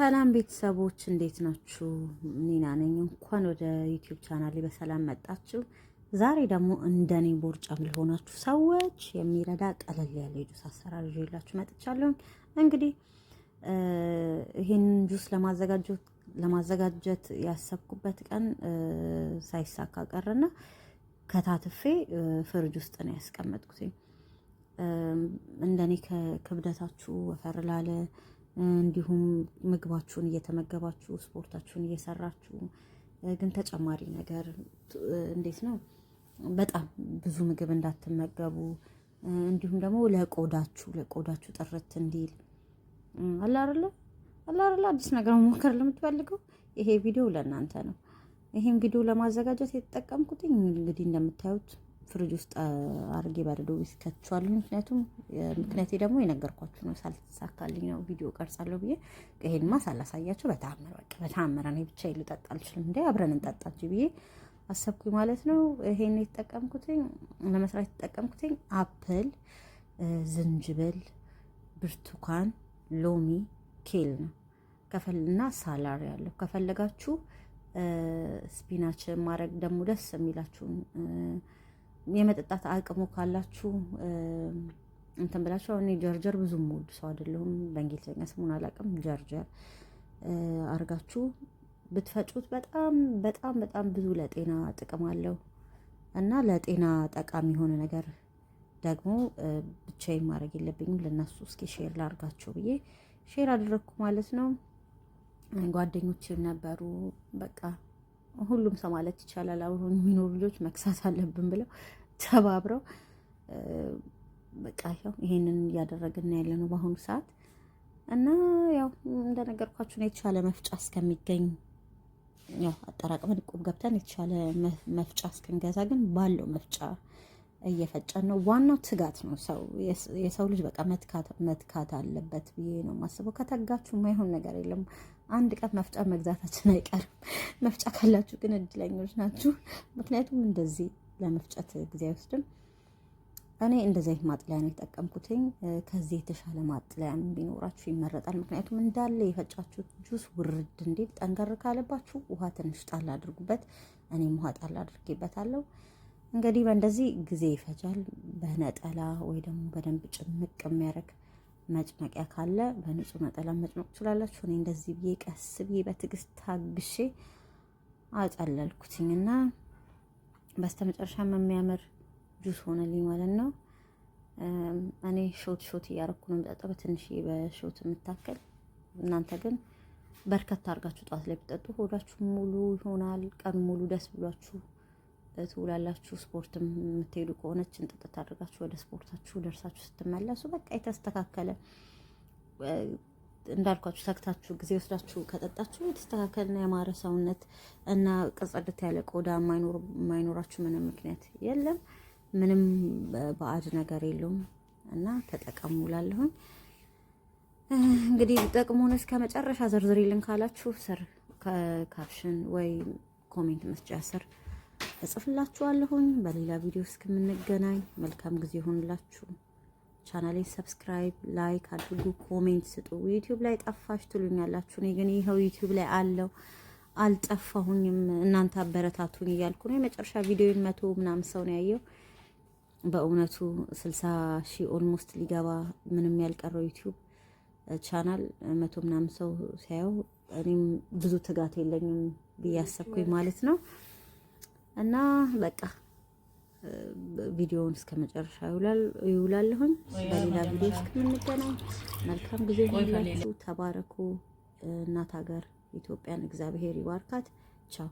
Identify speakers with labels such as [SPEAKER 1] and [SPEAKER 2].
[SPEAKER 1] ሰላም ቤተሰቦች እንዴት ናችሁ? ኒና ነኝ። እንኳን ወደ ዩቲዩብ ቻናሌ በሰላም መጣችሁ። ዛሬ ደግሞ እንደኔ ቦርጫም ለሆናችሁ ሰዎች የሚረዳ ቀለል ያለ የጁስ አሰራር ይዤላችሁ መጥቻለሁ። እንግዲህ ይህን ጁስ ለማዘጋጀት ያሰብኩበት ቀን ሳይሳካ ቀርና ከታትፌ ፍርጅ ውስጥ ነው ያስቀመጥኩት። እንደኔ ከክብደታችሁ ወፈር ላለ እንዲሁም ምግባችሁን እየተመገባችሁ ስፖርታችሁን እየሰራችሁ ግን ተጨማሪ ነገር እንዴት ነው በጣም ብዙ ምግብ እንዳትመገቡ እንዲሁም ደግሞ ለቆዳችሁ ለቆዳችሁ ጥርት እንዲል አላርለ አላርለ አዲስ ነገር መሞከር ለምትፈልገው ይሄ ቪዲዮ ለእናንተ ነው። ይሄን ቪዲዮ ለማዘጋጀት የተጠቀምኩትኝ እንግዲህ እንደምታዩት ፍሪጅ ውስጥ አድርጌ ባደዶ ይስካችኋለሁ። ምክንያቱም ምክንያቴ ደግሞ የነገርኳችሁ ነው። ሳልሳካልኝ ነው ቪዲዮ ቀርጻለሁ ብዬ ይሄንማ ሳላሳያችሁ በተአምር በቃ በተአምር እኔ ብቻ ልጠጣ አልችልም። እንዴ አብረን እንጠጣ ብዬ አሰብኩኝ ማለት ነው። ይሄን የተጠቀምኩትኝ ለመስራት የተጠቀምኩትኝ አፕል፣ ዝንጅብል፣ ብርቱካን፣ ሎሚ፣ ኬል ነው ከፈልና ሳላሪ ያለው ከፈለጋችሁ ስፒናች ማድረግ ደግሞ ደስ የሚላችሁን የመጠጣት አቅሙ ካላችሁ እንትን ብላችሁ። አሁን ጀርጀር ብዙ የምወድ ሰው አይደለሁም። በእንግሊዝኛ ስሙን አላውቅም። ጀርጀር አርጋችሁ ብትፈጩት በጣም በጣም በጣም ብዙ ለጤና ጥቅም አለው እና ለጤና ጠቃሚ የሆነ ነገር ደግሞ ብቻዬን ማድረግ የለብኝም። ለእነሱ እስኪ ሼር ላርጋቸው ብዬ ሼር አደረግኩ ማለት ነው። ጓደኞቼም ነበሩ። በቃ ሁሉም ሰው ማለት ይቻላል አብረው የሚኖሩ ልጆች መክሳት አለብን ብለው ተባብረው በቃ ያው ይሄንን እያደረግን ያለ ነው በአሁኑ ሰዓት እና ያው እንደነገርኳችሁ ነው የተሻለ መፍጫ እስከሚገኝ ያው አጠራቅመን ቁብ ገብተን የተሻለ መፍጫ እስክንገዛ ግን ባለው መፍጫ እየፈጨን ነው። ዋናው ትጋት ነው። ሰው የሰው ልጅ በቃ መትካት አለበት ብዬ ነው የማስበው። ከተጋችሁ ማይሆን ነገር የለም። አንድ ቀን መፍጫ መግዛታችን አይቀርም። መፍጫ ካላችሁ ግን እድለኞች ናችሁ። ምክንያቱም እንደዚህ ለመፍጨት ጊዜ አይወስድም። እኔ እንደዚህ አይነት ማጥለያ ነው የተጠቀምኩትኝ። ከዚህ የተሻለ ማጥለያ ቢኖራችሁ ይመረጣል። ምክንያቱም እንዳለ የፈጫችሁት ጁስ ውርድ እንዲል ጠንከር ካለባችሁ ውሃ ትንሽ ጣል አድርጉበት። እኔም ውሃ ጣል አድርጌበታለሁ። እንግዲህ በእንደዚህ ጊዜ ይፈጃል። በነጠላ ወይ ደግሞ በደንብ ጭምቅ የሚያደርግ መጭመቂያ ካለ በንጹህ ነጠላ መጭመቅ ትችላላችሁ። እኔ እንደዚህ ብዬ ቀስ ብዬ በትዕግስት ታግሼ አጨለልኩትኝና በስተመጨረሻም የሚያምር ጁስ ሆነልኝ ማለት ነው። እኔ ሾት ሾት እያረኩ ነው የምጠጣው፣ በትንሽ በሾት የምታከል እናንተ ግን በርከት አድርጋችሁ ጠዋት ላይ ብጠጡ ሆዳችሁ ሙሉ ይሆናል። ቀን ሙሉ ደስ ብሏችሁ ትውላላችሁ። ስፖርትም የምትሄዱ ከሆነች እንጥጥት አድርጋችሁ ወደ ስፖርታችሁ ደርሳችሁ ስትመለሱ በቃ የተስተካከለ እንዳልኳችሁ ተክታችሁ ጊዜ ወስዳችሁ ከጠጣችሁ የተስተካከልና ያማረ ሰውነት እና ቅጽድት ያለ ቆዳ የማይኖራችሁ ምንም ምክንያት የለም። ምንም ባዕድ ነገር የለውም እና ተጠቀሙ እላለሁኝ። እንግዲህ ጥቅሙን እስከ መጨረሻ ዝርዝሪልን ካላችሁ ስር ከካፕሽን ወይ ኮሜንት መስጫ ስር እጽፍላችኋለሁኝ። በሌላ ቪዲዮ እስክምንገናኝ መልካም ጊዜ ይሁንላችሁ። ቻናሌን ሰብስክራይብ፣ ላይክ አድርጉ፣ ኮሜንት ስጡ። ዩቲዩብ ላይ ጠፋሽ ትሉኛላችሁ። እኔ ግን ይኸው ዩቲዩብ ላይ አለው አልጠፋሁኝም። እናንተ አበረታቱኝ እያልኩ ነው። የመጨረሻ ቪዲዮን መቶ ምናምን ሰው ነው ያየው። በእውነቱ ስልሳ ሺህ ኦልሞስት ሊገባ ምንም ያልቀረው ዩቲዩብ ቻናል መቶ ምናምን ሰው ሲያየው እኔም ብዙ ትጋት የለኝም ብዬ አሰብኩኝ ማለት ነው እና በቃ ቪዲዮውን እስከ መጨረሻ ይውላለሁኝ። በሌላ ቪዲዮ እስከምንገናኝ መልካም ጊዜ ይሁንላችሁ። ተባረኩ። እናት ሀገር ኢትዮጵያን እግዚአብሔር ይባርካት። ቻው